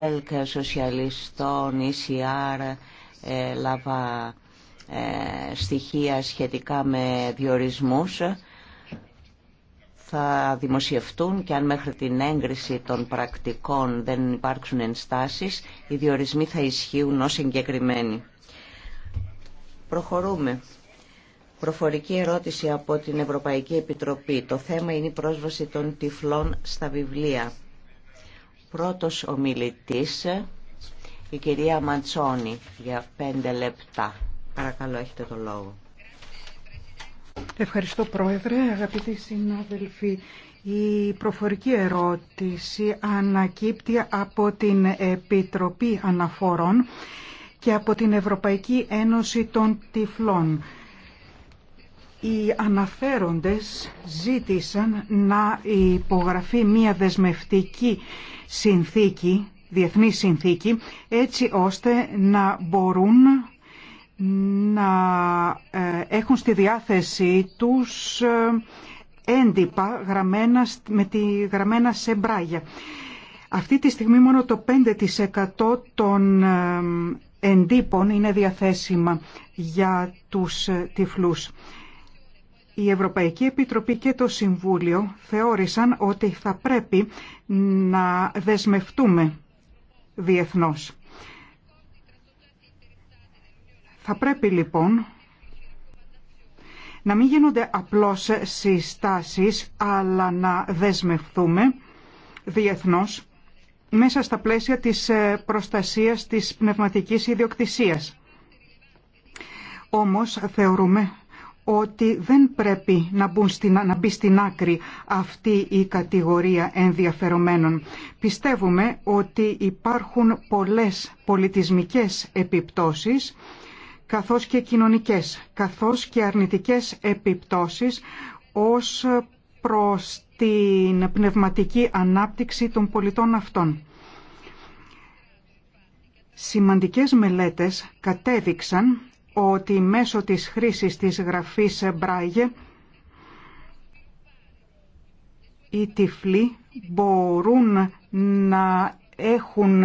ΕΛΚ, Σοσιαλιστών, ECR ε, λάβα ε, στοιχεία σχετικά με διορισμούς θα δημοσιευτούν και αν μέχρι την έγκριση των πρακτικών δεν υπάρξουν ενστάσεις οι διορισμοί θα ισχύουν ως εγκεκριμένοι. Προχωρούμε. Προφορική ερώτηση από την Ευρωπαϊκή Επιτροπή. Το θέμα είναι η πρόσβαση των τυφλών στα βιβλία. Πρώτος ομιλητής, η κυρία Μαντσόνη, για πέντε λεπτά. Παρακαλώ, έχετε το λόγο. Ευχαριστώ, Πρόεδρε. Αγαπητοί συνάδελφοι, η προφορική ερώτηση ανακύπτει από την Επιτροπή Αναφορών και από την Ευρωπαϊκή Ένωση των Τυφλών οι αναφέροντες ζήτησαν να υπογραφεί μια δεσμευτική συνθήκη, διεθνή συνθήκη, έτσι ώστε να μπορούν να ε, έχουν στη διάθεση τους ε, έντυπα γραμμένα, με τη γραμμένα σε μπράγια. Αυτή τη στιγμή μόνο το 5% των ε, εντύπων είναι διαθέσιμα για τους τυφλούς η Ευρωπαϊκή Επιτροπή και το Συμβούλιο θεώρησαν ότι θα πρέπει να δεσμευτούμε διεθνώς. Θα πρέπει λοιπόν να μην γίνονται απλώς συστάσεις, αλλά να δεσμευτούμε διεθνώς μέσα στα πλαίσια της προστασίας της πνευματικής ιδιοκτησίας. Όμως θεωρούμε ότι δεν πρέπει να, στην, να μπει στην άκρη αυτή η κατηγορία ενδιαφερομένων. Πιστεύουμε ότι υπάρχουν πολλές πολιτισμικές επιπτώσεις καθώς και κοινωνικές, καθώς και αρνητικές επιπτώσεις ως προς την πνευματική ανάπτυξη των πολιτών αυτών. Σημαντικές μελέτες κατέδειξαν ότι μέσω της χρήσης της γραφής Μπράγε οι τυφλοί μπορούν να έχουν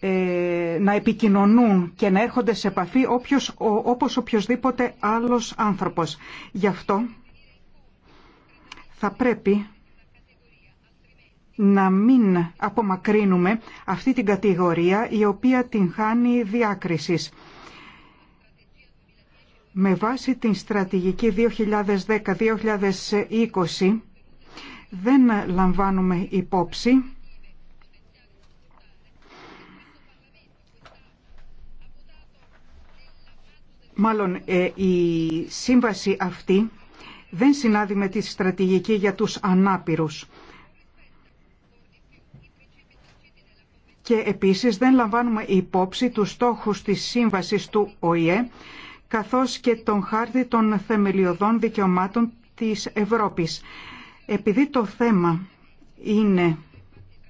ε, να επικοινωνούν και να έρχονται σε επαφή όποιος, όπως οποιοδήποτε άλλος άνθρωπος. Γι' αυτό θα πρέπει να μην απομακρύνουμε αυτή την κατηγορία η οποία την χάνει διάκρισης. Με βάση την στρατηγική 2010-2020 δεν λαμβάνουμε υπόψη Μάλλον ε, η σύμβαση αυτή δεν συνάδει με τη στρατηγική για τους ανάπηρους. Και επίσης δεν λαμβάνουμε υπόψη τους στόχους της σύμβασης του ΟΗΕ καθώς και τον χάρτη των θεμελιωδών δικαιωμάτων της Ευρώπης. Επειδή το θέμα είναι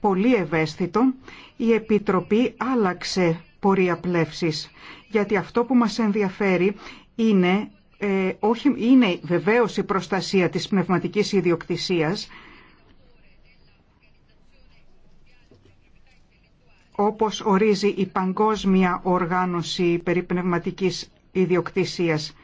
πολύ ευαίσθητο, η Επιτροπή άλλαξε πορεία πλεύσης, γιατί αυτό που μας ενδιαφέρει είναι, ε, όχι, είναι βεβαίως η προστασία της πνευματικής ιδιοκτησίας, όπως ορίζει η Παγκόσμια Οργάνωση Περιπνευματικής ιδιοκτησίας.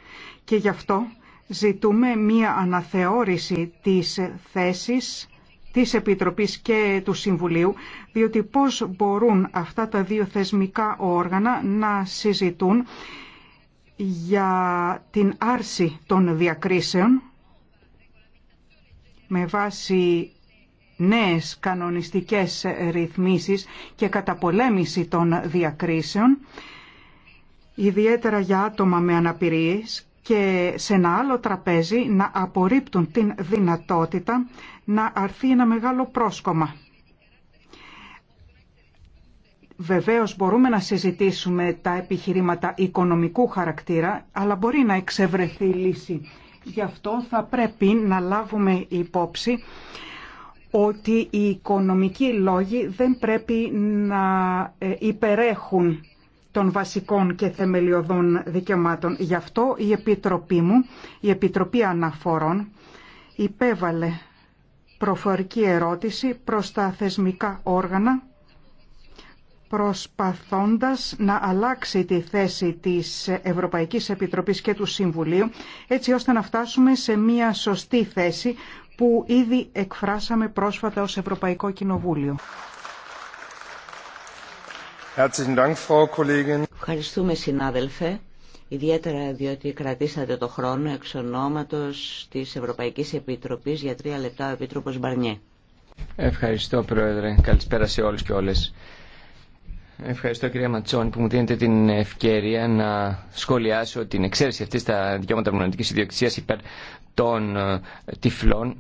Και γι' αυτό ζητούμε μία αναθεώρηση της θέσης της Επιτροπής και του Συμβουλίου, διότι πώς μπορούν αυτά τα δύο θεσμικά όργανα να συζητούν για την άρση των διακρίσεων με βάση νέες κανονιστικές ρυθμίσεις και καταπολέμηση των διακρίσεων ιδιαίτερα για άτομα με αναπηρίες και σε ένα άλλο τραπέζι να απορρίπτουν την δυνατότητα να αρθεί ένα μεγάλο πρόσκομα. Βεβαίως μπορούμε να συζητήσουμε τα επιχειρήματα οικονομικού χαρακτήρα, αλλά μπορεί να εξευρεθεί λύση. Γι' αυτό θα πρέπει να λάβουμε υπόψη ότι οι οικονομικοί λόγοι δεν πρέπει να ε, υπερέχουν των βασικών και θεμελιωδών δικαιωμάτων. Γι' αυτό η Επιτροπή μου, η Επιτροπή Αναφορών, υπέβαλε προφορική ερώτηση προς τα θεσμικά όργανα προσπαθώντας να αλλάξει τη θέση της Ευρωπαϊκής Επιτροπής και του Συμβουλίου, έτσι ώστε να φτάσουμε σε μια σωστή θέση που ήδη εκφράσαμε πρόσφατα ως Ευρωπαϊκό Κοινοβούλιο. Ευχαριστούμε συνάδελφε, ιδιαίτερα διότι κρατήσατε το χρόνο εξ ονόματος της Ευρωπαϊκής Επιτροπής για τρία λεπτά ο Επίτροπος Μπαρνιέ. Ευχαριστώ Πρόεδρε, καλησπέρα σε όλους και όλες. Ευχαριστώ κυρία Ματσόν που μου δίνετε την ευκαιρία να σχολιάσω την εξαίρεση αυτή στα δικαιώματα μοναδικής ιδιοκτησίας υπέρ των ε, τυφλών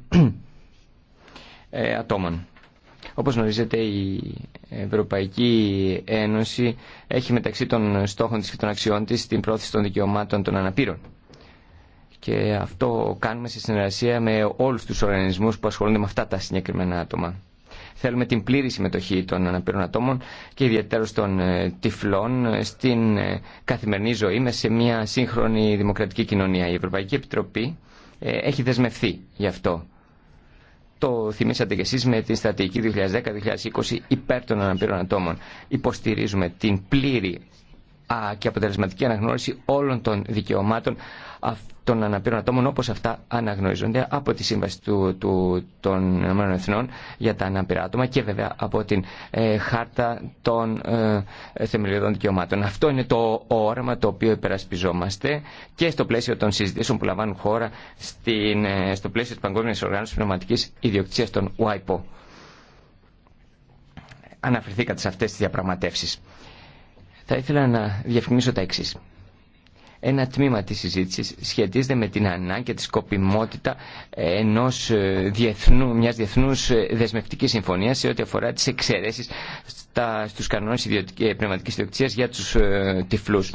ε, ατόμων. Όπως γνωρίζετε η Ευρωπαϊκή Ένωση έχει μεταξύ των στόχων της και των αξιών της την πρόθεση των δικαιωμάτων των αναπήρων. Και αυτό κάνουμε σε συνεργασία με όλους τους οργανισμούς που ασχολούνται με αυτά τα συγκεκριμένα άτομα. Θέλουμε την πλήρη συμμετοχή των αναπήρων ατόμων και ιδιαίτερα των ε, τυφλών ε, στην ε, καθημερινή ζωή με σε μια σύγχρονη δημοκρατική κοινωνία. Η Ευρωπαϊκή Επιτροπή έχει δεσμευθεί γι' αυτό το θυμήσατε και εσείς με την στρατηγική 2010-2020 υπέρ των αναπήρων ατόμων. Υποστηρίζουμε την πλήρη και αποτελεσματική αναγνώριση όλων των δικαιωμάτων των αναπήρων ατόμων όπως αυτά αναγνωρίζονται από τη Σύμβαση του, του, των Εθνών για τα αναπηρά άτομα και βέβαια από την ε, Χάρτα των ε, Θεμελιωδών Δικαιωμάτων. Αυτό είναι το όραμα το οποίο υπερασπιζόμαστε και στο πλαίσιο των συζητήσεων που λαμβάνουν χώρα στην, ε, στο πλαίσιο της Παγκόσμια Οργάνωσης Πνευματικής Ιδιοκτησίας των ΟΑΙΠΟ. Αναφερθήκατε σε αυτές τις διαπραγματεύσεις. Θα ήθελα να διευκρινίσω τα εξή. Ένα τμήμα της συζήτησης σχετίζεται με την ανάγκη και τη σκοπιμότητα ενός ε, διεθνού, μιας διεθνούς ε, δεσμευτικής συμφωνίας σε ό,τι αφορά τις εξαιρέσεις στα, στους κανόνες ε, πνευματικής ιδιοκτησίας για τους ε, τυφλούς.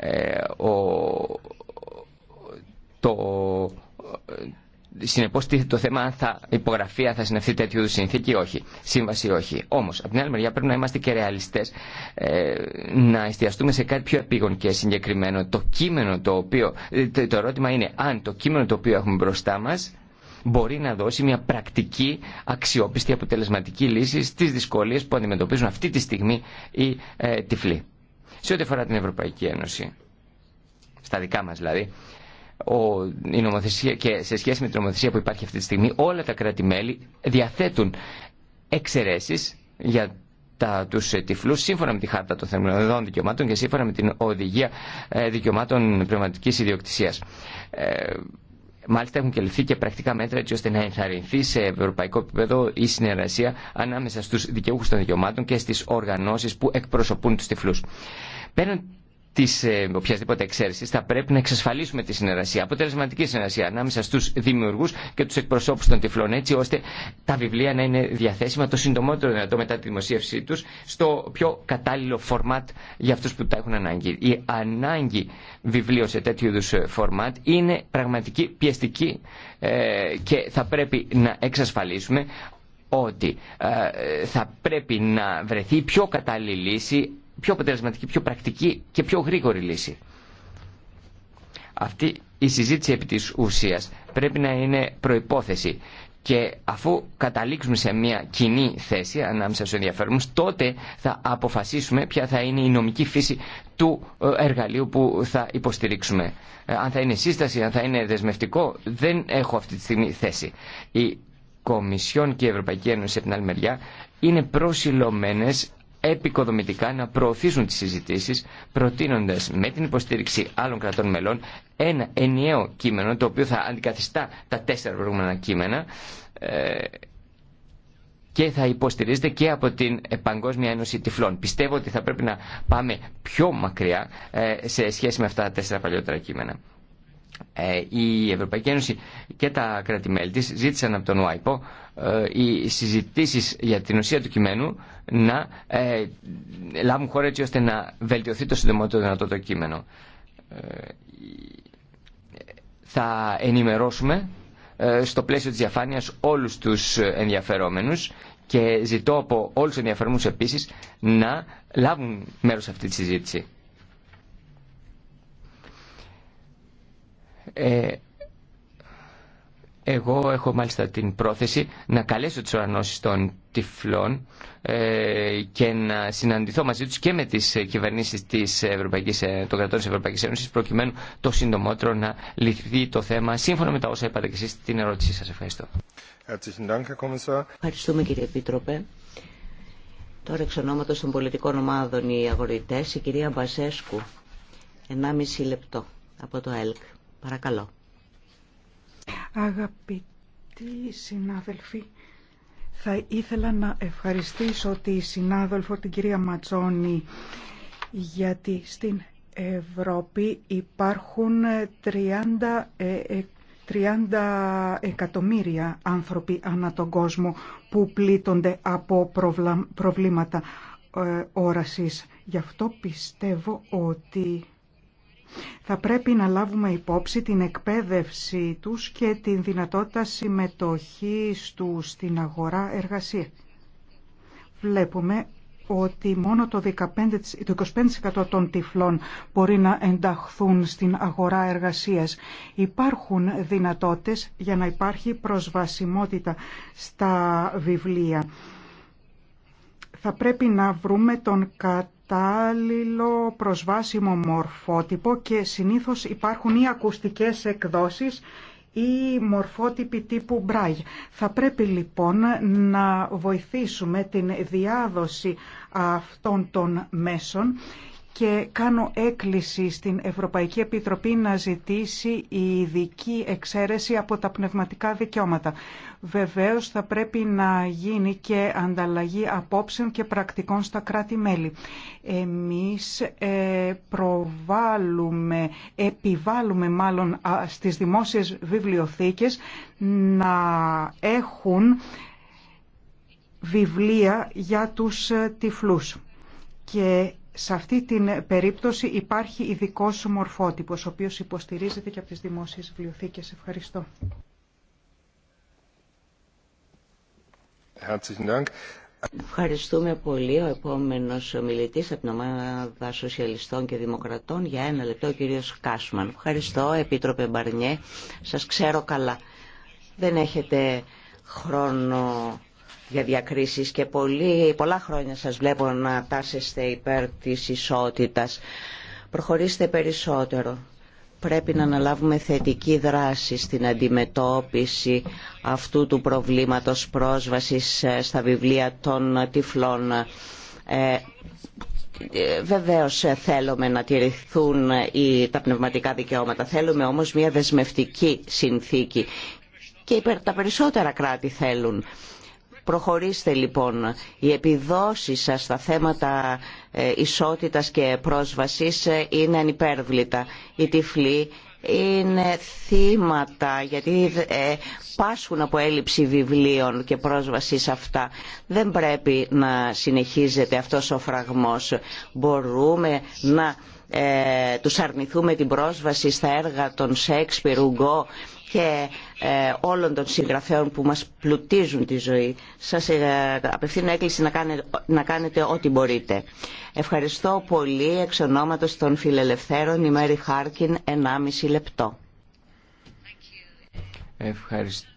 Ε, ο, το, Συνεπώ, το θέμα αν θα υπογραφεί, αν θα συνευθεί τέτοιου είδου συνθήκη ή όχι. Σύμβαση ή όχι. Όμω, από την άλλη μεριά πρέπει να είμαστε και ρεαλιστέ, ε, να εστιαστούμε σε κάτι πιο επίγον και συγκεκριμένο. Το κείμενο το οποίο. Ε, το, το ερώτημα είναι αν το κείμενο το οποίο έχουμε μπροστά μα μπορεί να δώσει μια πρακτική, αξιόπιστη, αποτελεσματική λύση στι δυσκολίε που αντιμετωπίζουν αυτή τη στιγμή οι ε, τυφλοί. Σε ό,τι αφορά την Ευρωπαϊκή Ένωση, στα δικά μα δηλαδή, ο, η νομοθεσία, και σε σχέση με την νομοθεσία που υπάρχει αυτή τη στιγμή, όλα τα κράτη-μέλη διαθέτουν εξαιρέσει για τα, τους τυφλούς σύμφωνα με τη Χάρτα των Θεμελιωδών Δικαιωμάτων και σύμφωνα με την Οδηγία ε, Δικαιωμάτων Πνευματικής Ιδιοκτησίας. Ε, μάλιστα έχουν και και πρακτικά μέτρα έτσι ώστε να ενθαρρυνθεί σε ευρωπαϊκό επίπεδο η συνεργασία ανάμεσα στους δικαιούχους των δικαιωμάτων και στις οργανώσεις που εκπροσωπούν τους τυφλού. Πέραν τη ε, οποιασδήποτε εξαίρεση, θα πρέπει να εξασφαλίσουμε τη συνεργασία, αποτελεσματική συνεργασία ανάμεσα στου δημιουργού και του εκπροσώπου των τυφλών, έτσι ώστε τα βιβλία να είναι διαθέσιμα το συντομότερο δυνατό μετά τη δημοσίευσή του στο πιο κατάλληλο φορμάτ για αυτού που τα έχουν ανάγκη. Η ανάγκη βιβλίων σε τέτοιου είδου φορμάτ ε, είναι πραγματική πιεστική ε, και θα πρέπει να εξασφαλίσουμε ότι θα πρέπει να βρεθεί πιο κατάλληλη λύση πιο αποτελεσματική, πιο πρακτική και πιο γρήγορη λύση. Αυτή η συζήτηση επί της ουσίας πρέπει να είναι προϋπόθεση και αφού καταλήξουμε σε μια κοινή θέση ανάμεσα στους ενδιαφέρουμους τότε θα αποφασίσουμε ποια θα είναι η νομική φύση του ε, εργαλείου που θα υποστηρίξουμε. Ε, αν θα είναι σύσταση, αν θα είναι δεσμευτικό δεν έχω αυτή τη στιγμή θέση. Η Κομισιόν και η Ευρωπαϊκή Ένωση από την άλλη μεριά είναι προσιλωμένες επικοδομητικά να προωθήσουν τις συζητήσεις προτείνοντας με την υποστήριξη άλλων κρατών μελών ένα ενιαίο κείμενο το οποίο θα αντικαθιστά τα τέσσερα προηγούμενα κείμενα ε, και θα υποστηρίζεται και από την Παγκόσμια Ένωση Τυφλών. Πιστεύω ότι θα πρέπει να πάμε πιο μακριά ε, σε σχέση με αυτά τα τέσσερα παλιότερα κείμενα. Ε, η Ευρωπαϊκή Ένωση και τα κράτη-μέλη της ζήτησαν από τον ΟΑΙΠΟ ε, οι συζητήσεις για την ουσία του κειμένου να ε, λάβουν χώρα έτσι ώστε να βελτιωθεί το συντομότερο δυνατό το κείμενο. Θα ενημερώσουμε στο πλαίσιο της διαφάνειας όλους τους ενδιαφερόμενους και ζητώ από όλους τους ενδιαφερόμενους επίσης να λάβουν μέρος σε αυτή τη συζήτηση. Ε, εγώ έχω μάλιστα την πρόθεση να καλέσω τις οργανώσεις των τυφλών ε, και να συναντηθώ μαζί τους και με τις κυβερνήσεις της Ευρωπαϊκής, ε, των κρατών της Ευρωπαϊκής Ένωσης προκειμένου το συντομότερο να λυθεί το θέμα σύμφωνα με τα όσα είπατε και εσείς στην ερώτησή σας. Ευχαριστώ. Ευχαριστούμε κύριε Επίτροπε. Τώρα εξ ονόματος των πολιτικών ομάδων οι αγορητές, η κυρία Μπασέσκου, 1,5 λεπτό από το ΕΛΚ. Παρακαλώ. Αγαπητοί συνάδελφοι, θα ήθελα να ευχαριστήσω τη συνάδελφο την κυρία Ματσόνη γιατί στην Ευρώπη υπάρχουν 30, 30 ε, ε, εκατομμύρια άνθρωποι ανά τον κόσμο που πλήττονται από προβλήματα ε, όρασης. Γι' αυτό πιστεύω ότι θα πρέπει να λάβουμε υπόψη την εκπαίδευση τους και την δυνατότητα συμμετοχής τους στην αγορά εργασία. Βλέπουμε ότι μόνο το, 15, το 25% των τυφλών μπορεί να ενταχθούν στην αγορά εργασίας. Υπάρχουν δυνατότητες για να υπάρχει προσβασιμότητα στα βιβλία. Θα πρέπει να βρούμε τον κατάλληλο κατάλληλο προσβάσιμο μορφότυπο και συνήθως υπάρχουν ή ακουστικές εκδόσεις ή μορφότυποι τύπου μπραγ Θα πρέπει λοιπόν να βοηθήσουμε την διάδοση αυτών των μέσων και κάνω έκκληση στην Ευρωπαϊκή Επιτροπή να ζητήσει η ειδική εξαίρεση από τα πνευματικά δικαιώματα. Βεβαίως θα πρέπει να γίνει και ανταλλαγή απόψεων και πρακτικών στα κράτη-μέλη. Εμείς ε, προβάλλουμε, επιβάλλουμε μάλλον στις δημόσιες βιβλιοθήκες να έχουν βιβλία για τους ε, τυφλούς. Και σε αυτή την περίπτωση υπάρχει ειδικό μορφότυπος, ο οποίος υποστηρίζεται και από τις δημόσιες βιβλιοθήκες. Ευχαριστώ. Ευχαριστούμε πολύ. Ο επόμενος ομιλητής από την ομάδα Σοσιαλιστών και Δημοκρατών για ένα λεπτό, ο κύριος Κάσμαν. Ευχαριστώ, Επίτροπε Μπαρνιέ. Σας ξέρω καλά. Δεν έχετε χρόνο για διακρίσεις και πολύ, πολλά χρόνια σας βλέπω να τάσεστε υπέρ της ισότητας. Προχωρήστε περισσότερο πρέπει να αναλάβουμε θετική δράση στην αντιμετώπιση αυτού του προβλήματος πρόσβασης ε, στα βιβλία των τυφλών. Ε, ε βεβαίως ε, θέλουμε να τηρηθούν οι, τα πνευματικά δικαιώματα, θέλουμε όμως μια δεσμευτική συνθήκη και τα περισσότερα κράτη θέλουν. Προχωρήστε λοιπόν. Οι επιδόσεις σας στα θέματα ε, ισότητας και πρόσβασης ε, είναι ανυπέρβλητα. Οι τυφλοί είναι θύματα γιατί ε, πάσχουν από έλλειψη βιβλίων και πρόσβαση σε αυτά. Δεν πρέπει να συνεχίζεται αυτός ο φραγμός. Μπορούμε να ε, τους αρνηθούμε την πρόσβαση στα έργα των Σέξπιρ, Ουγκό και ε, όλων των συγγραφέων που μας πλουτίζουν τη ζωή. Σας ε, απευθύνω έκκληση να κάνετε, να κάνετε ό,τι μπορείτε. Ευχαριστώ πολύ εξ ονόματος των φιλελευθέρων η Μέρη Χάρκιν 1,5 λεπτό. Ευχαριστώ.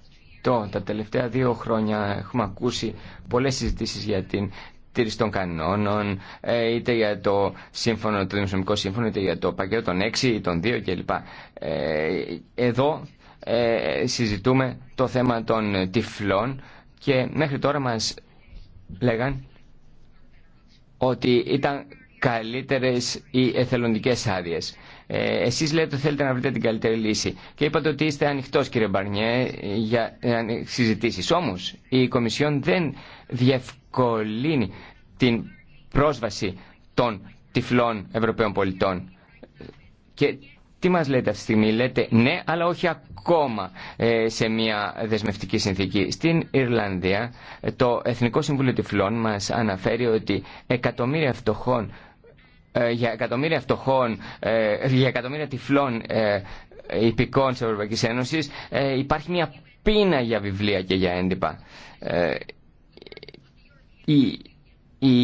Τα τελευταία δύο χρόνια έχουμε ακούσει πολλές συζητήσεις για την τήρηση των κανόνων, ε, είτε για το σύμφωνο, το δημοσιονομικό σύμφωνο, είτε για το πακέτο των 6 ή των 2 κλπ. Εδώ ε, συζητούμε το θέμα των τυφλών και μέχρι τώρα μας λέγαν ότι ήταν καλύτερες οι εθελοντικές άδειε. Ε, εσείς λέτε ότι θέλετε να βρείτε την καλύτερη λύση και είπατε ότι είστε ανοιχτός κύριε Μπαρνιέ για ε, συζητήσεις. Όμως η Κομισιόν δεν διευκολύνει την πρόσβαση των τυφλών Ευρωπαίων πολιτών και τι μας λέτε αυτή τη στιγμή, λέτε ναι αλλά όχι ακόμα ε, σε μια δεσμευτική συνθήκη. Στην Ιρλανδία ε, το Εθνικό Συμβούλιο Τυφλών μας αναφέρει ότι εκατομμύρια φτωχών ε, για εκατομμύρια φτωχών, για εκατομμύρια τυφλών υπηκών της Ευρωπαϊκής Ένωσης υπάρχει μια πείνα για βιβλία και για έντυπα. η, η,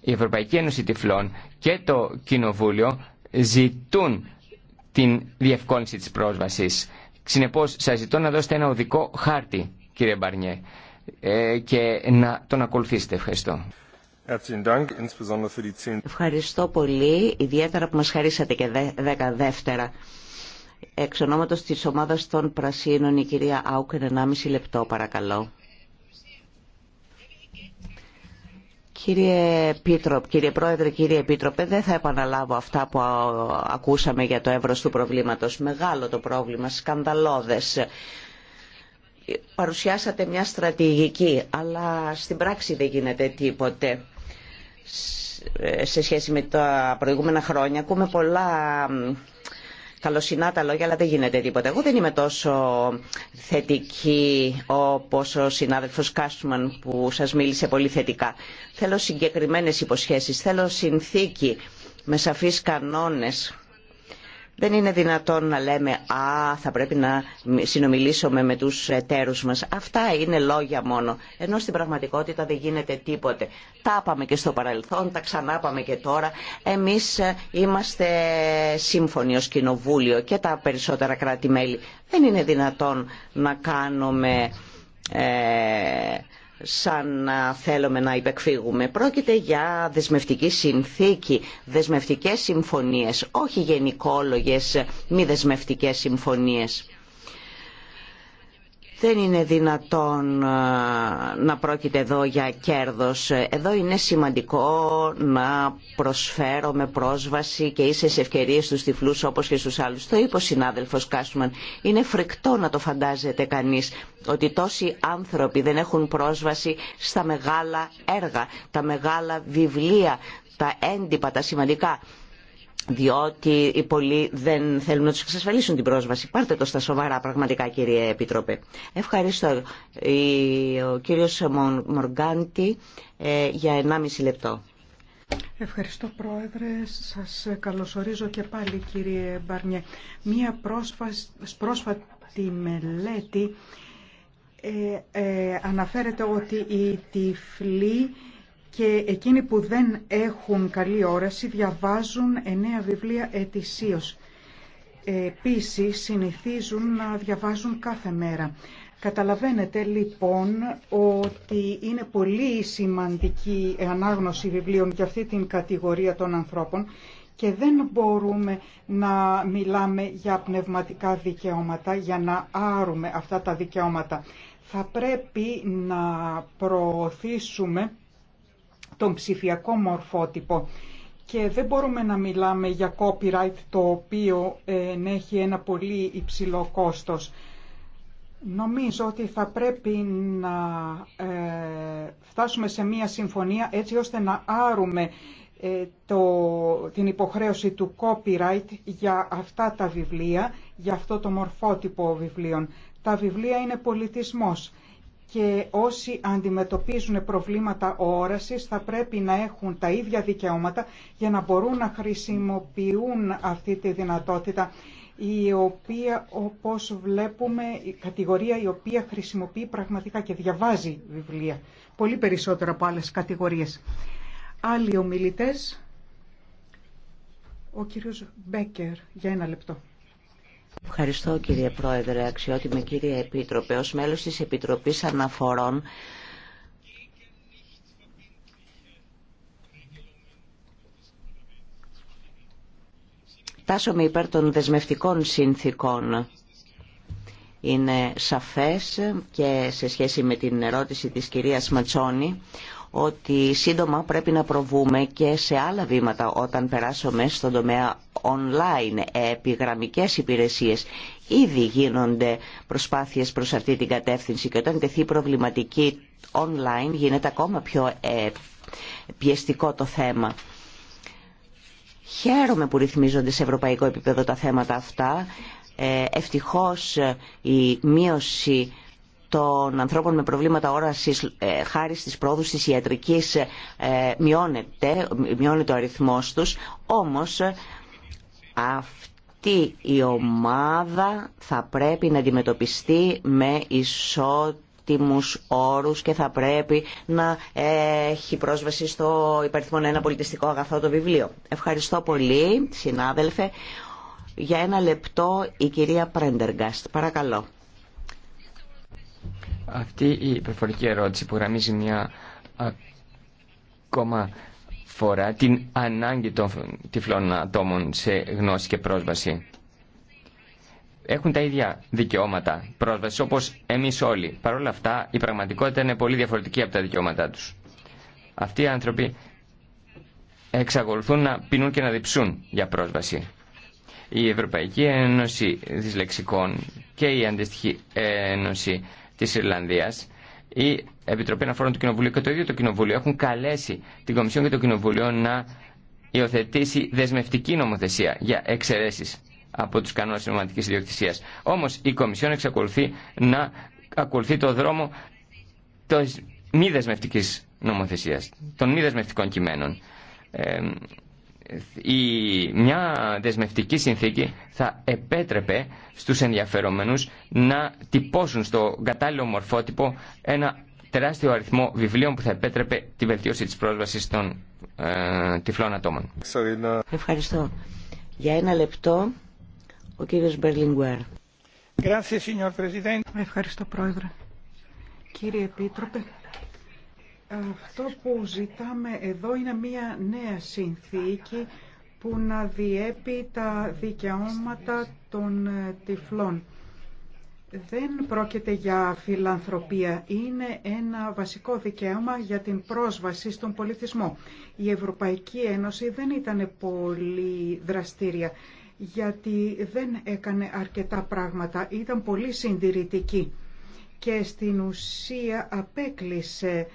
η Ευρωπαϊκή Ένωση Τυφλών και το Κοινοβούλιο ζητούν την διευκόλυνση της πρόσβασης. Συνεπώς, σας ζητώ να δώσετε ένα οδικό χάρτη, κύριε Μπαρνιέ, ε, και να τον ακολουθήσετε. Ευχαριστώ. Ευχαριστώ πολύ, ιδιαίτερα που μας χαρίσατε και δέκα δεύτερα. Εξ ονόματος της ομάδας των Πρασίνων, η κυρία Άουκεν, 1,5 λεπτό παρακαλώ. Κύριε, Πίτρο, κύριε Πρόεδρε, κύριε Επίτροπε, δεν θα επαναλάβω αυτά που ακούσαμε για το εύρος του προβλήματος. Μεγάλο το πρόβλημα, σκανδαλώδες. Παρουσιάσατε μια στρατηγική, αλλά στην πράξη δεν γίνεται τίποτε σε σχέση με τα προηγούμενα χρόνια. Ακούμε πολλά καλοσυνά τα λόγια, αλλά δεν γίνεται τίποτα. Εγώ δεν είμαι τόσο θετική όπως ο συνάδελφος Κάσμαν που σας μίλησε πολύ θετικά. Θέλω συγκεκριμένες υποσχέσεις, θέλω συνθήκη με σαφείς κανόνες δεν είναι δυνατόν να λέμε «Α, θα πρέπει να συνομιλήσουμε με τους εταίρους μας». Αυτά είναι λόγια μόνο, ενώ στην πραγματικότητα δεν γίνεται τίποτε. Τα είπαμε και στο παρελθόν, τα ξανά πάμε και τώρα. Εμείς ε, είμαστε σύμφωνοι ως Κοινοβούλιο και τα περισσότερα κράτη-μέλη. Δεν είναι δυνατόν να κάνουμε... Ε, σαν να θέλουμε να υπεκφύγουμε. Πρόκειται για δεσμευτική συνθήκη, δεσμευτικές συμφωνίες, όχι γενικόλογες μη δεσμευτικές συμφωνίες δεν είναι δυνατόν να πρόκειται εδώ για κέρδος. Εδώ είναι σημαντικό να προσφέρουμε πρόσβαση και ίσες ευκαιρίες στους τυφλούς όπως και στους άλλους. Το είπε ο συνάδελφος Κάσμαν. Είναι φρικτό να το φαντάζεται κανείς ότι τόσοι άνθρωποι δεν έχουν πρόσβαση στα μεγάλα έργα, τα μεγάλα βιβλία, τα έντυπα, τα σημαντικά διότι οι πολλοί δεν θέλουν να τους εξασφαλίσουν την πρόσβαση. Πάρτε το στα σοβαρά πραγματικά κύριε Επίτροπε. Ευχαριστώ. Ο κύριος Μοργκάντη ε, για 1,5 λεπτό. Ευχαριστώ Πρόεδρε, σας καλωσορίζω και πάλι κύριε Μπαρνιέ. Μία πρόσφατη μελέτη ε, ε, αναφέρεται ότι οι τυφλοί και εκείνοι που δεν έχουν καλή όραση διαβάζουν εννέα βιβλία ετησίως. Επίση, συνηθίζουν να διαβάζουν κάθε μέρα. Καταλαβαίνετε λοιπόν ότι είναι πολύ σημαντική η ανάγνωση βιβλίων για αυτή την κατηγορία των ανθρώπων και δεν μπορούμε να μιλάμε για πνευματικά δικαιώματα, για να άρουμε αυτά τα δικαιώματα. Θα πρέπει να προωθήσουμε τον ψηφιακό μορφότυπο. Και δεν μπορούμε να μιλάμε για copyright το οποίο ε, έχει ένα πολύ υψηλό κόστος. Νομίζω ότι θα πρέπει να ε, φτάσουμε σε μία συμφωνία έτσι ώστε να άρουμε ε, το, την υποχρέωση του copyright για αυτά τα βιβλία, για αυτό το μορφότυπο βιβλίων. Τα βιβλία είναι πολιτισμός και όσοι αντιμετωπίζουν προβλήματα όρασης θα πρέπει να έχουν τα ίδια δικαιώματα για να μπορούν να χρησιμοποιούν αυτή τη δυνατότητα η οποία όπως βλέπουμε, η κατηγορία η οποία χρησιμοποιεί πραγματικά και διαβάζει βιβλία, πολύ περισσότερο από άλλες κατηγορίες. Άλλοι ομιλητές, ο κύριος Μπέκερ για ένα λεπτό. Ευχαριστώ κύριε Πρόεδρε, αξιότιμη κύριε Επίτροπε. Ως μέλος της Επιτροπής Αναφορών τάσομαι υπέρ των δεσμευτικών συνθήκων. Είναι σαφές και σε σχέση με την ερώτηση της κυρίας Ματσόνη ότι σύντομα πρέπει να προβούμε και σε άλλα βήματα όταν περάσουμε στον τομέα online, επιγραμμικές υπηρεσίες. Ήδη γίνονται προσπάθειες προς αυτή την κατεύθυνση και όταν τεθεί προβληματική online γίνεται ακόμα πιο ε, πιεστικό το θέμα. Χαίρομαι που ρυθμίζονται σε ευρωπαϊκό επίπεδο τα θέματα αυτά. Ε, ευτυχώς ε, η μείωση των ανθρώπων με προβλήματα όρασης ε, χάρη στις πρόοδους τη ιατρικής ε, μειώνεται, μειώνεται ο αριθμός τους, όμως ε, αυτή η ομάδα θα πρέπει να αντιμετωπιστεί με ισότητα όρους και θα πρέπει να έχει πρόσβαση στο υπαριθμόν ένα πολιτιστικό αγαθό το βιβλίο. Ευχαριστώ πολύ, συνάδελφε. Για ένα λεπτό η κυρία Πρέντεργκαστ. Παρακαλώ. Αυτή η προφορική ερώτηση που γραμμίζει μια ακόμα φορά την ανάγκη των τυφλών ατόμων σε γνώση και πρόσβαση. Έχουν τα ίδια δικαιώματα πρόσβαση όπως εμείς όλοι. Παρ' όλα αυτά η πραγματικότητα είναι πολύ διαφορετική από τα δικαιώματά τους. Αυτοί οι άνθρωποι εξακολουθούν να πεινούν και να διψούν για πρόσβαση. Η Ευρωπαϊκή Ένωση Δυσλεξικών και η αντίστοιχη Ένωση τη Ιρλανδία, η Επιτροπή Αναφορών του Κοινοβουλίου και το ίδιο το Κοινοβούλιο έχουν καλέσει την Κομισιόν και το Κοινοβούλιο να υιοθετήσει δεσμευτική νομοθεσία για εξαιρέσει από του κανόνε νομοθετική ιδιοκτησία. Όμω η Κομισιόν εξακολουθεί να ακολουθεί το δρόμο τη μη δεσμευτική νομοθεσία, των μη δεσμευτικών κειμένων. Ε, η, μια δεσμευτική συνθήκη θα επέτρεπε στους ενδιαφερόμενους να τυπώσουν στο κατάλληλο μορφότυπο ένα τεράστιο αριθμό βιβλίων που θα επέτρεπε τη βελτίωση της πρόσβασης των ε, τυφλών ατόμων. Ευχαριστώ. Για ένα λεπτό, ο κύριος Μπερλινγκουέρ. Ευχαριστώ, Πρόεδρε. Κύριε Επίτροπε, αυτό που ζητάμε εδώ είναι μία νέα συνθήκη που να διέπει τα δικαιώματα των ε, τυφλών. Δεν πρόκειται για φιλανθρωπία, είναι ένα βασικό δικαίωμα για την πρόσβαση στον πολιτισμό. Η Ευρωπαϊκή Ένωση δεν ήταν πολύ δραστήρια, γιατί δεν έκανε αρκετά πράγματα, ήταν πολύ συντηρητική και στην ουσία απέκλεισε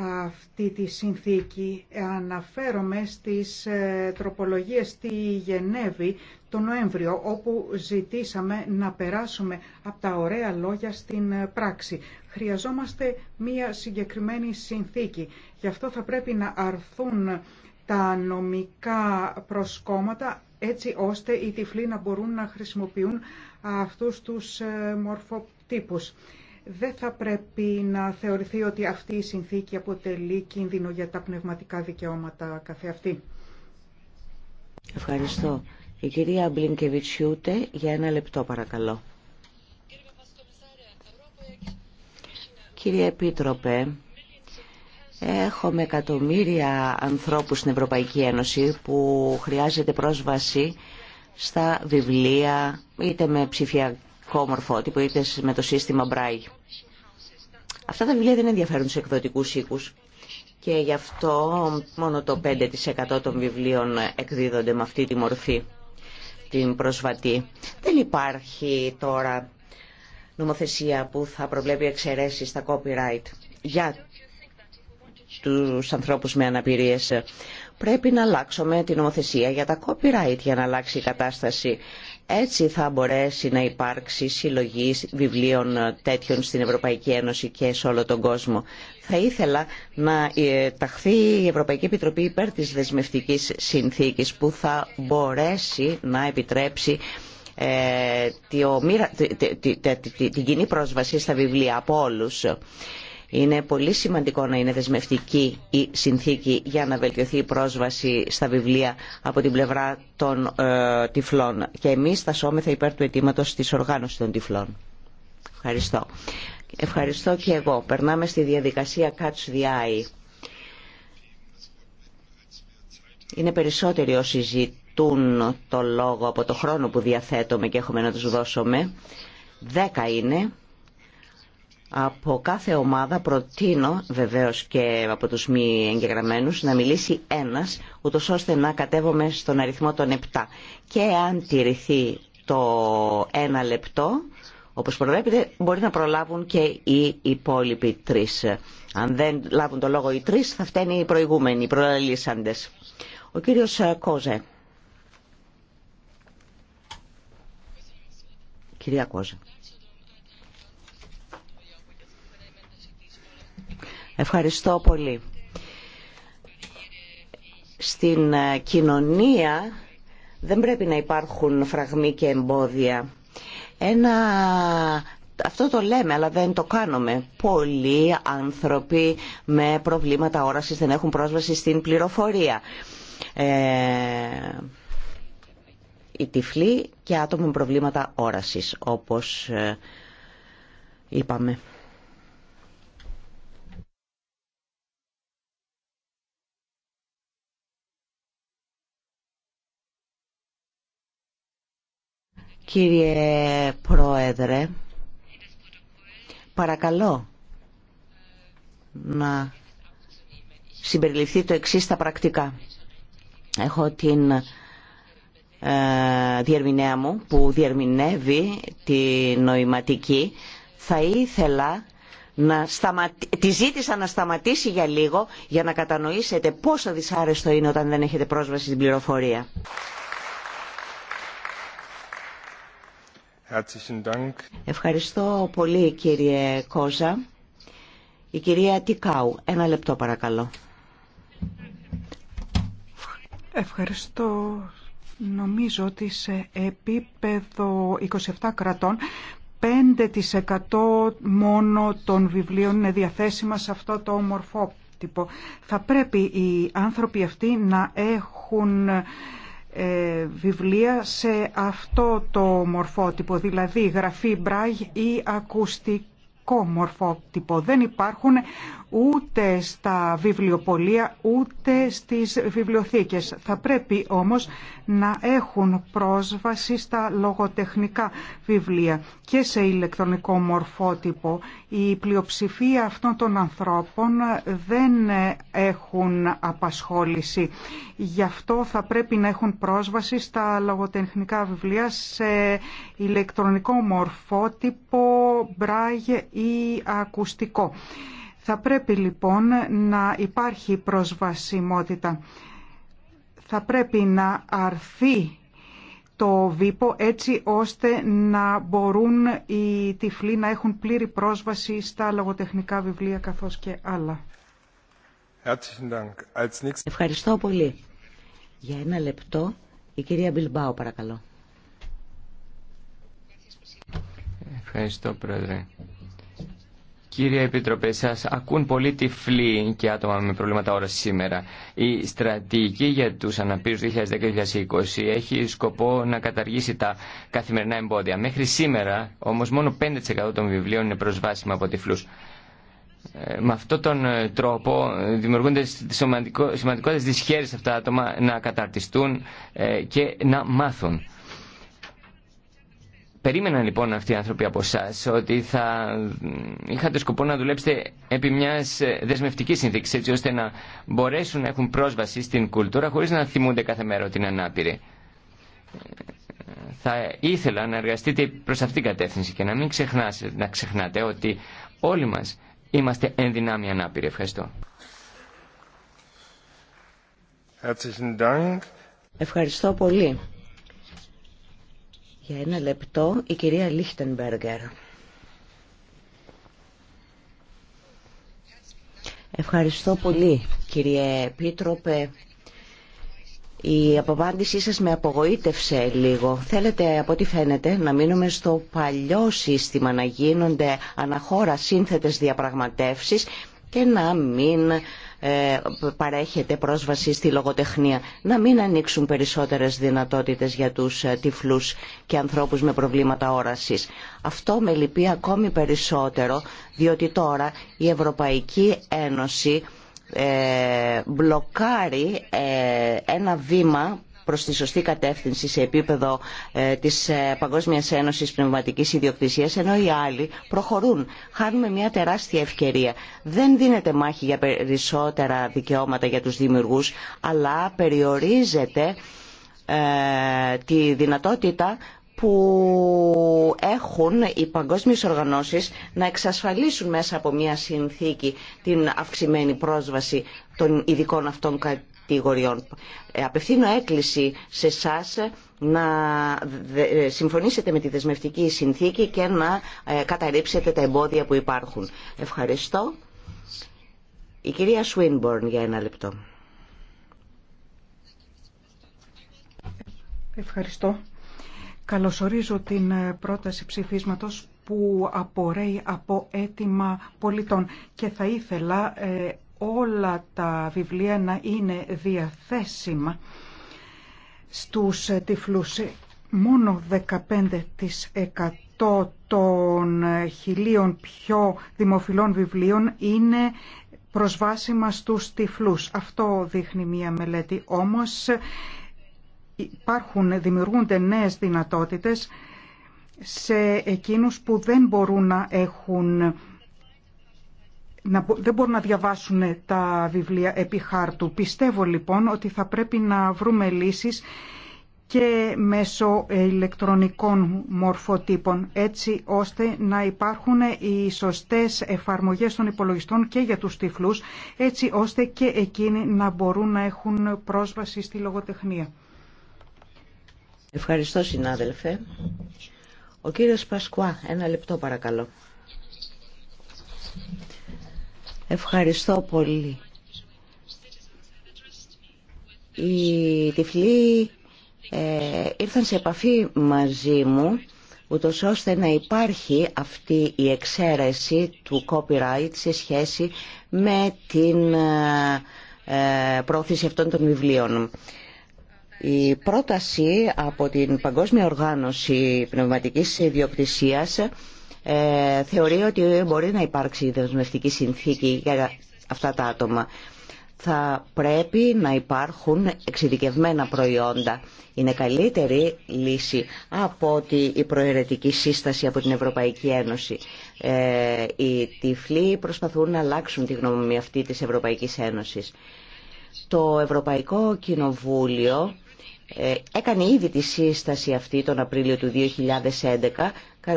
αυτή τη συνθήκη. Αναφέρομαι στις ε, τροπολογίες στη Γενέβη τον Νοέμβριο, όπου ζητήσαμε να περάσουμε από τα ωραία λόγια στην ε, πράξη. Χρειαζόμαστε μία συγκεκριμένη συνθήκη. Γι' αυτό θα πρέπει να αρθούν τα νομικά προσκόμματα έτσι ώστε οι τυφλοί να μπορούν να χρησιμοποιούν αυτούς τους ε, μορφοτύπους δεν θα πρέπει να θεωρηθεί ότι αυτή η συνθήκη αποτελεί κίνδυνο για τα πνευματικά δικαιώματα καθεαυτή. Ευχαριστώ. Η κυρία Μπλινκεβιτσιούτε για ένα λεπτό παρακαλώ. Κύριε Επίτροπε, έχουμε εκατομμύρια ανθρώπους στην Ευρωπαϊκή Ένωση που χρειάζεται πρόσβαση στα βιβλία είτε με ψηφιακό μορφότυπο είτε με το σύστημα Braille. Αυτά τα βιβλία δεν ενδιαφέρουν τους εκδοτικούς οίκους και γι' αυτό μόνο το 5% των βιβλίων εκδίδονται με αυτή τη μορφή, την προσβατή. Δεν υπάρχει τώρα νομοθεσία που θα προβλέπει εξαιρέσεις στα copyright για τους ανθρώπους με αναπηρίες. Πρέπει να αλλάξουμε την νομοθεσία για τα copyright για να αλλάξει η κατάσταση. Έτσι θα μπορέσει να υπάρξει συλλογή βιβλίων ε, τέτοιων στην Ευρωπαϊκή Ένωση και σε όλο τον κόσμο. Θα ήθελα να ε, ταχθεί η Ευρωπαϊκή Επιτροπή υπέρ της δεσμευτικής συνθήκης που θα μπορέσει να επιτρέψει ε, την κοινή πρόσβαση στα βιβλία από όλους. Είναι πολύ σημαντικό να είναι δεσμευτική η συνθήκη για να βελτιωθεί η πρόσβαση στα βιβλία από την πλευρά των ε, τυφλών. Και εμείς θα σώμεθα υπέρ του αιτήματο της οργάνωσης των τυφλών. Ευχαριστώ. Ευχαριστώ και εγώ. Περνάμε στη διαδικασία Catch the Eye. Είναι περισσότεροι όσοι ζητούν το λόγο από το χρόνο που διαθέτουμε και έχουμε να τους δώσουμε. Δέκα είναι. Από κάθε ομάδα προτείνω βεβαίως και από τους μη εγγεγραμμένους να μιλήσει ένας ούτως ώστε να κατέβουμε στον αριθμό των 7. Και αν τηρηθεί το ένα λεπτό, όπως προβλέπετε, μπορεί να προλάβουν και οι υπόλοιποι τρεις. Αν δεν λάβουν το λόγο οι τρεις, θα φταίνει οι προηγούμενοι, οι προελίσσαντες. Ο κύριος Κόζε. Κυρία Κόζε. Ευχαριστώ πολύ. Στην ε, κοινωνία δεν πρέπει να υπάρχουν φραγμοί και εμπόδια. Ένα... Αυτό το λέμε, αλλά δεν το κάνουμε. Πολλοί άνθρωποι με προβλήματα όρασης δεν έχουν πρόσβαση στην πληροφορία. Ε... Οι τυφλοί και άτομα με προβλήματα όρασης, όπως ε, είπαμε. Κύριε Πρόεδρε, παρακαλώ να συμπεριληφθεί το εξής στα πρακτικά. Έχω την ε, διερμηνέα μου που διερμηνεύει τη νοηματική. Θα ήθελα να σταματήσει, τη ζήτησα να σταματήσει για λίγο για να κατανοήσετε πόσο δυσάρεστο είναι όταν δεν έχετε πρόσβαση στην πληροφορία. Ευχαριστώ πολύ κύριε Κόζα. Η κυρία Τικάου, ένα λεπτό παρακαλώ. Ευχαριστώ. Νομίζω ότι σε επίπεδο 27 κρατών 5% μόνο των βιβλίων είναι διαθέσιμα σε αυτό το ομορφό τύπο. Θα πρέπει οι άνθρωποι αυτοί να έχουν ε, βιβλία σε αυτό το μορφότυπο, δηλαδή γραφή μπράγ ή ακουστικό μορφότυπο. Δεν υπάρχουν ούτε στα βιβλιοπολία ούτε στις βιβλιοθήκες. Θα πρέπει όμως να έχουν πρόσβαση στα λογοτεχνικά βιβλία και σε ηλεκτρονικό μορφότυπο. Η πλειοψηφία αυτών των ανθρώπων δεν έχουν απασχόληση. Γι' αυτό θα πρέπει να έχουν πρόσβαση στα λογοτεχνικά βιβλία σε ηλεκτρονικό μορφότυπο, μπράγε ή ακουστικό. Θα πρέπει λοιπόν να υπάρχει προσβασιμότητα. Θα πρέπει να αρθεί το ΒΙΠΟ έτσι ώστε να μπορούν οι τυφλοί να έχουν πλήρη πρόσβαση στα λογοτεχνικά βιβλία καθώς και άλλα. Ευχαριστώ πολύ. Για ένα λεπτό η κυρία Μπιλμπάου παρακαλώ. Ευχαριστώ πρόεδρε. Κύριε Επίτροπε, σα ακούν πολλοί τυφλοί και άτομα με προβλήματα όραση σήμερα. Η στρατηγική για του αναπήρου 2010-2020 έχει σκοπό να καταργήσει τα καθημερινά εμπόδια. Μέχρι σήμερα, όμω, μόνο 5% των βιβλίων είναι προσβάσιμα από τυφλού. Ε, με αυτόν τον ε, τρόπο δημιουργούνται σημαντικότερε δυσχέρειε αυτά τα άτομα να καταρτιστούν ε, και να μάθουν. Περίμεναν λοιπόν αυτοί οι άνθρωποι από εσά ότι θα είχατε σκοπό να δουλέψετε επί μια ε, δεσμευτική συνθήκη, έτσι ώστε να μπορέσουν να έχουν πρόσβαση στην κουλτούρα χωρί να θυμούνται κάθε μέρα ότι είναι ανάπηροι. Θα ήθελα να εργαστείτε προ αυτήν την κατεύθυνση και να μην ξεχνάτε, να ξεχνάτε ότι όλοι μα είμαστε εν δυνάμει ανάπηροι. Ευχαριστώ. Ευχαριστώ πολύ. Για ένα λεπτό η κυρία Λίχτενμπεργκερ. Ευχαριστώ πολύ κύριε Πίτροπε. Η αποπάντησή σας με απογοήτευσε λίγο. Θέλετε από ό,τι φαίνεται να μείνουμε στο παλιό σύστημα, να γίνονται αναχώρα σύνθετες διαπραγματεύσεις και να μην ε, παρέχεται πρόσβαση στη λογοτεχνία. Να μην ανοίξουν περισσότερες δυνατότητες για τους ε, τυφλούς και ανθρώπους με προβλήματα όρασης. Αυτό με λυπεί ακόμη περισσότερο, διότι τώρα η Ευρωπαϊκή Ένωση ε, μπλοκάρει ένα βήμα προς τη σωστή κατεύθυνση σε επίπεδο ε, της ε, Παγκόσμιας Ένωσης Πνευματικής Ιδιοκτησίας, ενώ οι άλλοι προχωρούν. Χάνουμε μια τεράστια ευκαιρία. Δεν δίνεται μάχη για περισσότερα δικαιώματα για τους δημιουργούς, αλλά περιορίζεται ε, τη δυνατότητα που έχουν οι παγκόσμιες οργανώσεις να εξασφαλίσουν μέσα από μια συνθήκη την αυξημένη πρόσβαση των ειδικών αυτών κατηγοριών. Ε, απευθύνω έκκληση σε εσά να ε, συμφωνήσετε με τη δεσμευτική συνθήκη και να ε, καταρρύψετε τα εμπόδια που υπάρχουν. Ευχαριστώ. Η κυρία Σουίνμπορν για ένα λεπτό. Ευχαριστώ. Καλωσορίζω την πρόταση ψηφίσματος που απορρέει από αίτημα πολιτών και θα ήθελα όλα τα βιβλία να είναι διαθέσιμα στους τυφλούς. Μόνο 15% των χιλίων πιο δημοφιλών βιβλίων είναι προσβάσιμα στους τυφλούς. Αυτό δείχνει μία μελέτη. Όμως υπάρχουν, δημιουργούνται νέες δυνατότητες σε εκείνους που δεν μπορούν να έχουν να, δεν μπορούν να διαβάσουν τα βιβλία επί χάρτου. Πιστεύω λοιπόν ότι θα πρέπει να βρούμε λύσεις και μέσω ηλεκτρονικών μορφοτύπων, έτσι ώστε να υπάρχουν οι σωστές εφαρμογές των υπολογιστών και για τους τυφλούς, έτσι ώστε και εκείνοι να μπορούν να έχουν πρόσβαση στη λογοτεχνία. Ευχαριστώ συνάδελφε. Ο κύριος Πασκουά, ένα λεπτό παρακαλώ. Ευχαριστώ πολύ. Οι τυφλοί ε, ήρθαν σε επαφή μαζί μου ούτως ώστε να υπάρχει αυτή η εξαίρεση του copyright σε σχέση με την ε, ε πρόθεση αυτών των βιβλίων. Η πρόταση από την Παγκόσμια Οργάνωση Πνευματικής Ιδιοκτησίας ε, θεωρεί ότι μπορεί να υπάρξει δεσμευτική συνθήκη για αυτά τα άτομα. Θα πρέπει να υπάρχουν εξειδικευμένα προϊόντα. Είναι καλύτερη λύση από ότι η προαιρετική σύσταση από την Ευρωπαϊκή Ένωση. Ε, οι τυφλοί προσπαθούν να αλλάξουν τη γνώμη αυτή της Ευρωπαϊκής Ένωσης. Το Ευρωπαϊκό Κοινοβούλιο ε, έκανε ήδη τη σύσταση αυτή τον Απρίλιο του 2011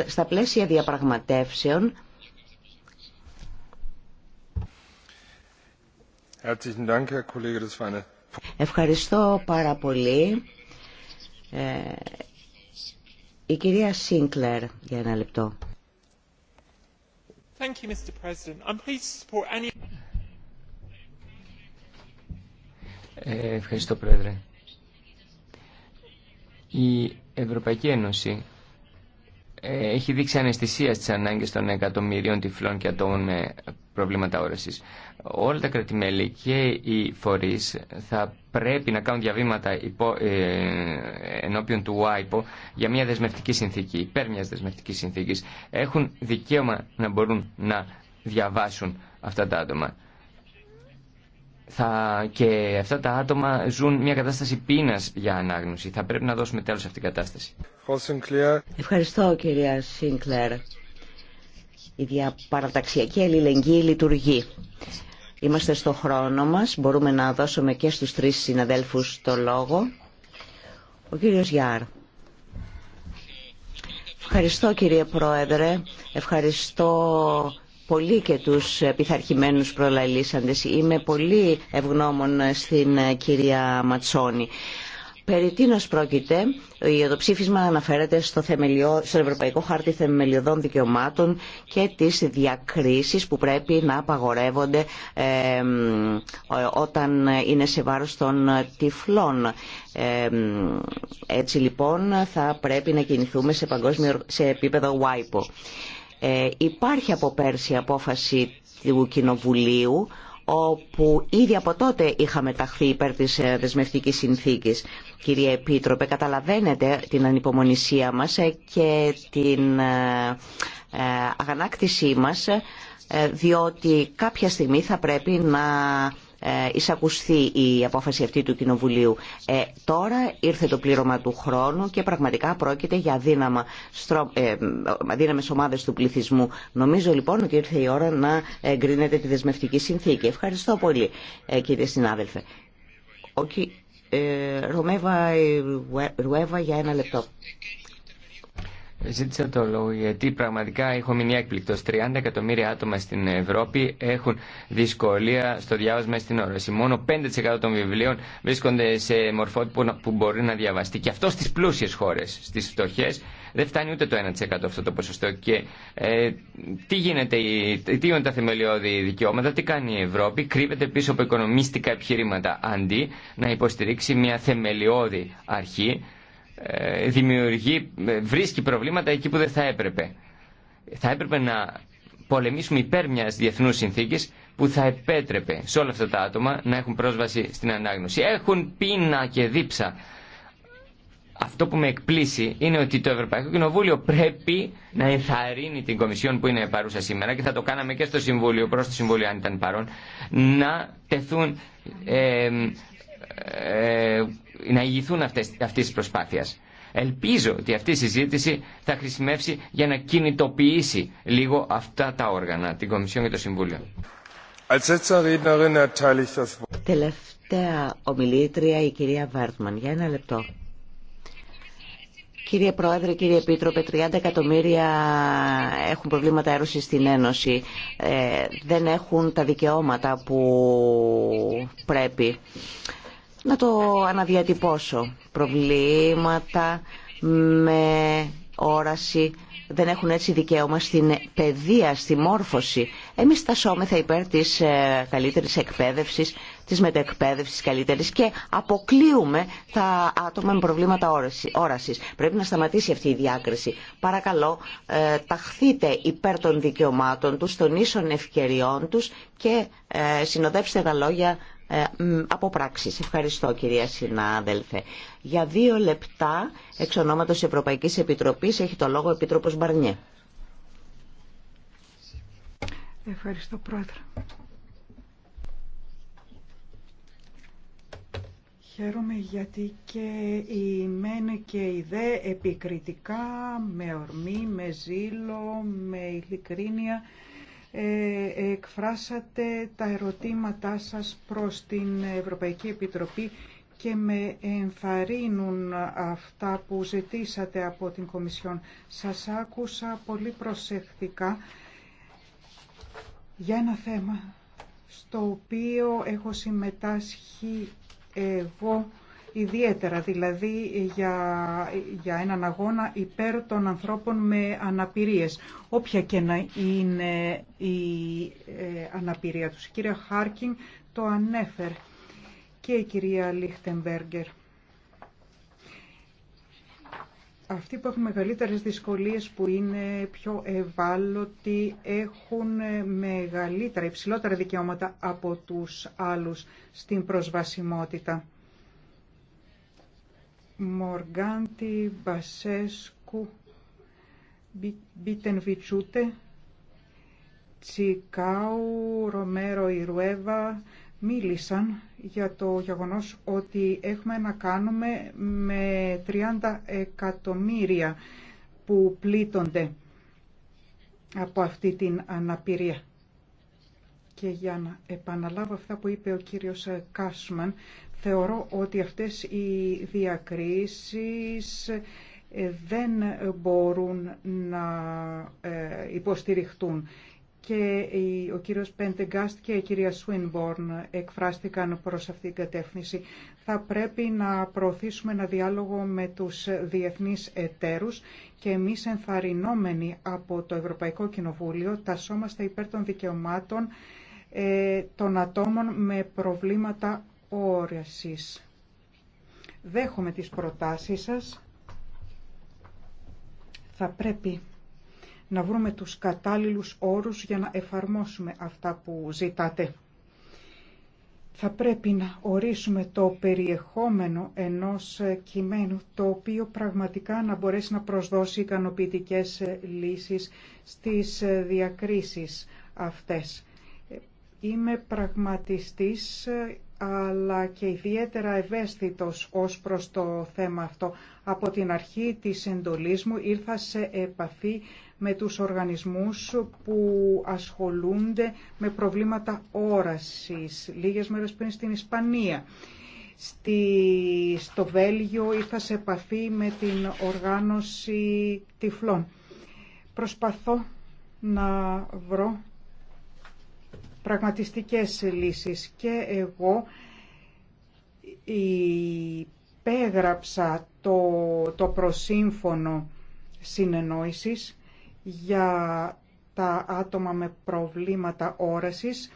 στα πλαίσια διαπραγματεύσεων Ευχαριστώ πάρα πολύ. Ε, η κυρία Σίνκλερ για ένα λεπτό. Ε, ευχαριστώ, Πρόεδρε. Η Ευρωπαϊκή Ένωση ε, έχει δείξει αναισθησία στις ανάγκες των εκατομμυρίων τυφλών και ατόμων με προβλήματα όρεσης. Όλα τα κρατημέλη και οι φορείς θα πρέπει να κάνουν διαβήματα υπό, ε, ενώπιον του ΟΑΙΠΟ για μια δεσμευτική συνθήκη, υπέρ μιας δεσμευτικής συνθήκης. Έχουν δικαίωμα να μπορούν να διαβάσουν αυτά τα άτομα θα, και αυτά τα άτομα ζουν μια κατάσταση πείνας για ανάγνωση. Θα πρέπει να δώσουμε τέλος σε αυτήν την κατάσταση. Ευχαριστώ κυρία Σίνκλερ. Η διαπαραταξιακή αλληλεγγύη λειτουργεί. Είμαστε στο χρόνο μας. Μπορούμε να δώσουμε και στους τρεις συναδέλφους το λόγο. Ο κύριος Γιάρ. Ευχαριστώ κύριε Πρόεδρε. Ευχαριστώ πολύ και τους πειθαρχημένους προλαλήσαντες. Είμαι πολύ ευγνώμων στην κυρία Ματσόνη. Περί τίνος πρόκειται, το ψήφισμα αναφέρεται στο, Ευρωπαϊκό Χάρτη Θεμελιωδών Δικαιωμάτων και τις διακρίσεις που πρέπει να απαγορεύονται ε, όταν είναι σε βάρος των τυφλών. έτσι λοιπόν θα πρέπει να κινηθούμε σε, παγκόσμιο, σε επίπεδο WIPO. Ε, υπάρχει από πέρσι απόφαση του Κοινοβουλίου όπου ήδη από τότε είχαμε ταχθεί υπέρ της ε, δεσμευτικής συνθήκης. Κυρία Επίτροπε, καταλαβαίνετε την ανυπομονησία μας ε, και την ε, αγανάκτησή μας, διότι κάποια στιγμή θα πρέπει να ε, εισακουστεί η απόφαση αυτή του Κοινοβουλίου. Ε, τώρα ήρθε το πλήρωμα του χρόνου και πραγματικά πρόκειται για δύναμα, στρο, ε, ε ομάδες του πληθυσμού. Νομίζω λοιπόν ότι ήρθε η ώρα να εγκρίνεται τη δεσμευτική συνθήκη. Ευχαριστώ πολύ ε, κύριε συνάδελφε. Ο, ε, Ρωμέβα Ρουέβα για ένα λεπτό. Ζήτησα το λόγο γιατί πραγματικά έχω μείνει έκπληκτο. 30 εκατομμύρια άτομα στην Ευρώπη έχουν δυσκολία στο διάβασμα στην όρεση. Μόνο 5% των βιβλίων βρίσκονται σε μορφότυπο που μπορεί να διαβαστεί. Και αυτό στι πλούσιε χώρε. Στι φτωχέ δεν φτάνει ούτε το 1% αυτό το ποσοστό. Και ε, τι, γίνεται, τι γίνονται τα θεμελιώδη δικαιώματα, τι κάνει η Ευρώπη. Κρύβεται πίσω από οικονομίστικα επιχειρήματα αντί να υποστηρίξει μια θεμελιώδη αρχή ε, δημιουργεί, ε, βρίσκει προβλήματα εκεί που δεν θα έπρεπε. Θα έπρεπε να πολεμήσουμε υπέρ μια διεθνούς συνθήκη που θα επέτρεπε σε όλα αυτά τα άτομα να έχουν πρόσβαση στην ανάγνωση. Έχουν πείνα και δίψα. Αυτό που με εκπλήσει είναι ότι το Ευρωπαϊκό Κοινοβούλιο πρέπει να ενθαρρύνει την Κομισιόν που είναι παρούσα σήμερα και θα το κάναμε και στο Συμβούλιο, προ το Συμβούλιο αν ήταν παρόν, να τεθούν ε, ε να ηγηθούν αυτές, αυτής της προσπάθειας. Ελπίζω ότι αυτή η συζήτηση θα χρησιμεύσει για να κινητοποιήσει λίγο αυτά τα όργανα, την Κομισιόν και το Συμβούλιο. Τελευταία ομιλήτρια η κυρία Βάρτμαν. Για ένα λεπτό. Κύριε Πρόεδρε, κύριε Επίτροπε, 30 εκατομμύρια έχουν προβλήματα έρωσης στην Ένωση. Ε, δεν έχουν τα δικαιώματα που πρέπει να το αναδιατυπώσω. Προβλήματα με όραση δεν έχουν έτσι δικαίωμα στην παιδεία, στη μόρφωση. Εμείς στασόμεθα υπέρ της ε, καλύτερης εκπαίδευσης, της μετεκπαίδευσης καλύτερης και αποκλείουμε τα άτομα με προβλήματα όρασης. Πρέπει να σταματήσει αυτή η διάκριση. Παρακαλώ, ε, ταχθείτε υπέρ των δικαιωμάτων τους, των ίσων ευκαιριών τους και ε, συνοδεύστε τα λόγια ε, από πράξεις. Ευχαριστώ κυρία συνάδελφε. Για δύο λεπτά εξ ονόματος Ευρωπαϊκής Επιτροπής έχει το λόγο ο Επίτροπος Μπαρνιέ. Ευχαριστώ πρόεδρε. Χαίρομαι γιατί και η μεν και η δε επικριτικά, με ορμή, με ζήλο, με ειλικρίνεια ε, εκφράσατε τα ερωτήματά σας προς την Ευρωπαϊκή Επιτροπή και με ενθαρρύνουν αυτά που ζητήσατε από την Κομισιόν. Σας άκουσα πολύ προσεκτικά για ένα θέμα στο οποίο έχω συμμετάσχει εγώ ιδιαίτερα, δηλαδή για, για έναν αγώνα υπέρ των ανθρώπων με αναπηρίες, όποια και να είναι η ε, αναπηρία τους. Η κυρία Χάρκιν το ανέφερε και η κυρία Λίχτεμπέργκερ. Αυτοί που έχουν μεγαλύτερες δυσκολίες που είναι πιο ευάλωτοι έχουν μεγαλύτερα, υψηλότερα δικαιώματα από τους άλλους στην προσβασιμότητα. Μόργαντι Μπασέσκου, Μπιτενβιτσούτε, Τσικάου, Ρομέρο, Ιρουέβα μίλησαν για το γεγονός ότι έχουμε να κάνουμε με 30 εκατομμύρια που πλήττονται από αυτή την αναπηρία. Και για να επαναλάβω αυτά που είπε ο κύριος Κάσμαν, Θεωρώ ότι αυτές οι διακρίσεις ε, δεν μπορούν να ε, υποστηριχτούν. Και ο κύριος Πέντεγκάστ και η κυρία Σουίνμπορν εκφράστηκαν προς αυτή την κατεύθυνση. Θα πρέπει να προωθήσουμε ένα διάλογο με τους διεθνείς εταίρους και εμείς ενθαρρυνόμενοι από το Ευρωπαϊκό Κοινοβούλιο τασόμαστε υπέρ των δικαιωμάτων ε, των ατόμων με προβλήματα όρεσης. Δέχομαι τις προτάσεις σας. Θα πρέπει να βρούμε τους κατάλληλους όρους για να εφαρμόσουμε αυτά που ζητάτε. Θα πρέπει να ορίσουμε το περιεχόμενο ενός κειμένου το οποίο πραγματικά να μπορέσει να προσδώσει ικανοποιητικές λύσεις στις διακρίσεις αυτές. Είμαι πραγματιστής αλλά και ιδιαίτερα ευαίσθητος ως προς το θέμα αυτό. Από την αρχή της εντολής μου ήρθα σε επαφή με τους οργανισμούς που ασχολούνται με προβλήματα όρασης, λίγες μέρες πριν στην Ισπανία. Στη, στο Βέλγιο ήρθα σε επαφή με την οργάνωση τυφλών. Προσπαθώ να βρω πραγματιστικές λύσεις. Και εγώ υπέγραψα το, το προσύμφωνο συνεννόησης για τα άτομα με προβλήματα όρασης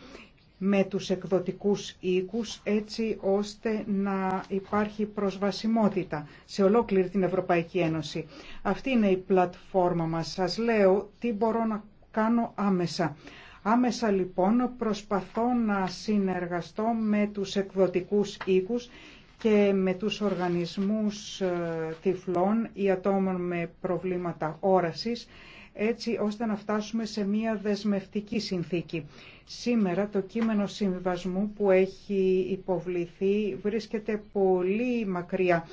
με τους εκδοτικούς οίκους έτσι ώστε να υπάρχει προσβασιμότητα σε ολόκληρη την Ευρωπαϊκή Ένωση. Αυτή είναι η πλατφόρμα μας. Σας λέω τι μπορώ να κάνω άμεσα. Άμεσα λοιπόν προσπαθώ να συνεργαστώ με τους εκδοτικούς οίκους και με τους οργανισμούς ε, τυφλών ή ατόμων με προβλήματα όρασης, έτσι ώστε να φτάσουμε σε μία δεσμευτική συνθήκη. Σήμερα το κείμενο συμβιβασμού που έχει υποβληθεί βρίσκεται πολύ μακριά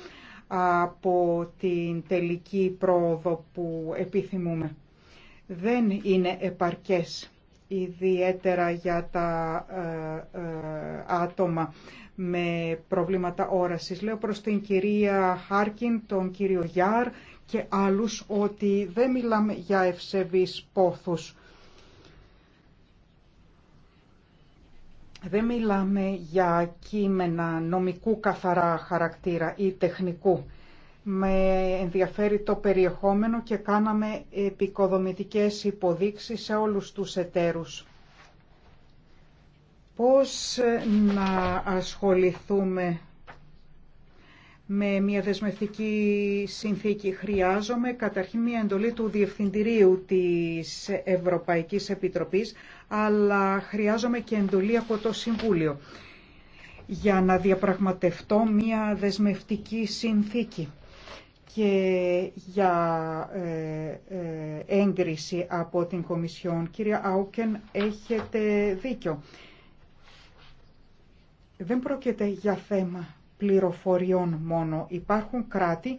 από την τελική πρόοδο που επιθυμούμε. Δεν είναι επαρκές ιδιαίτερα για τα ε, ε, άτομα με προβλήματα όρασης. Λέω προς την κυρία Χάρκιν, τον κύριο Γιάρ και άλλους ότι δεν μιλάμε για ευσεβείς πόθους. Δεν μιλάμε για κείμενα νομικού καθαρά χαρακτήρα ή τεχνικού με ενδιαφέρει το περιεχόμενο και κάναμε επικοδομητικές υποδείξεις σε όλους τους εταίρους. Πώς να ασχοληθούμε με μια δεσμευτική συνθήκη. Χρειάζομαι καταρχήν μια εντολή του Διευθυντηρίου της Ευρωπαϊκής Επιτροπής, αλλά χρειάζομαι και εντολή από το Συμβούλιο για να διαπραγματευτώ μια δεσμευτική συνθήκη και για ε, ε, έγκριση από την Κομισιόν. Κύριε Άουκεν, έχετε δίκιο. Δεν πρόκειται για θέμα πληροφοριών μόνο. Υπάρχουν κράτη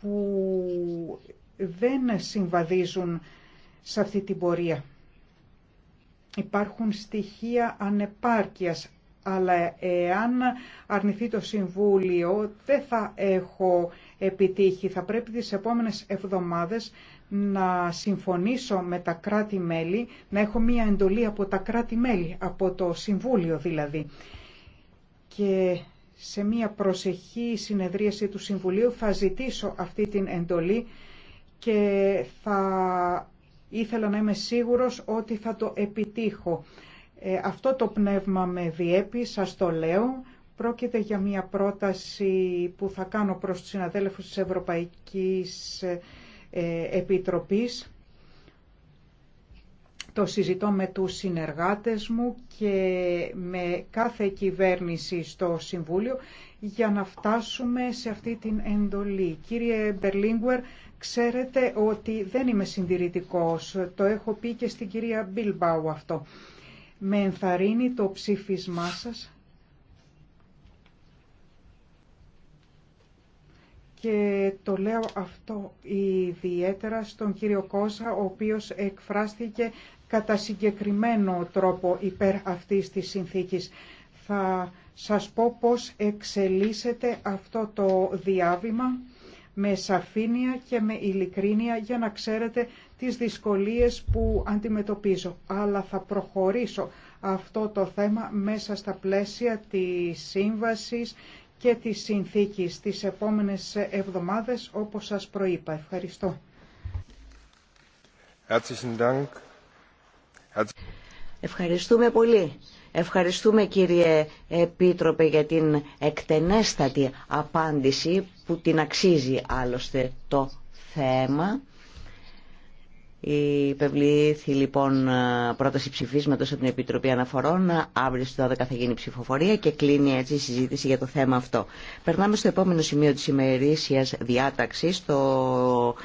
που δεν συμβαδίζουν σε αυτή την πορεία. Υπάρχουν στοιχεία ανεπάρκειας, αλλά εάν αρνηθεί το Συμβούλιο δεν θα έχω επιτύχει. Θα πρέπει τις επόμενες εβδομάδες να συμφωνήσω με τα κράτη-μέλη, να έχω μία εντολή από τα κράτη-μέλη, από το Συμβούλιο δηλαδή. Και σε μία προσεχή συνεδρίαση του Συμβουλίου θα ζητήσω αυτή την εντολή και θα ήθελα να είμαι σίγουρος ότι θα το επιτύχω. Ε, αυτό το πνεύμα με διέπει, σας το λέω Πρόκειται για μια πρόταση που θα κάνω προς τους συναδέλφους της Ευρωπαϊκής ε, Επιτροπής. Το συζητώ με τους συνεργάτες μου και με κάθε κυβέρνηση στο Συμβούλιο για να φτάσουμε σε αυτή την εντολή. Κύριε Μπερλίνγκουερ, ξέρετε ότι δεν είμαι συντηρητικός. Το έχω πει και στην κυρία Μπίλμπαου αυτό. Με ενθαρρύνει το ψήφισμά σας και το λέω αυτό ιδιαίτερα στον κύριο Κώσα, ο οποίος εκφράστηκε κατά συγκεκριμένο τρόπο υπέρ αυτής της συνθήκης. Θα σας πω πώς εξελίσσεται αυτό το διάβημα με σαφήνεια και με ειλικρίνεια για να ξέρετε τις δυσκολίες που αντιμετωπίζω. Αλλά θα προχωρήσω αυτό το θέμα μέσα στα πλαίσια της σύμβασης και τη συνθήκη τις επόμενες εβδομάδες, όπως σας προείπα. Ευχαριστώ. Ευχαριστούμε πολύ. Ευχαριστούμε κύριε Επίτροπε για την εκτενέστατη απάντηση που την αξίζει άλλωστε το θέμα. Η Υπευλήθη λοιπόν πρόταση ψηφίσματος από την Επιτροπή Αναφορών. Αύριο στις 12 θα γίνει ψηφοφορία και κλείνει έτσι η συζήτηση για το θέμα αυτό. Περνάμε στο επόμενο σημείο της ημερήσιας διάταξης, το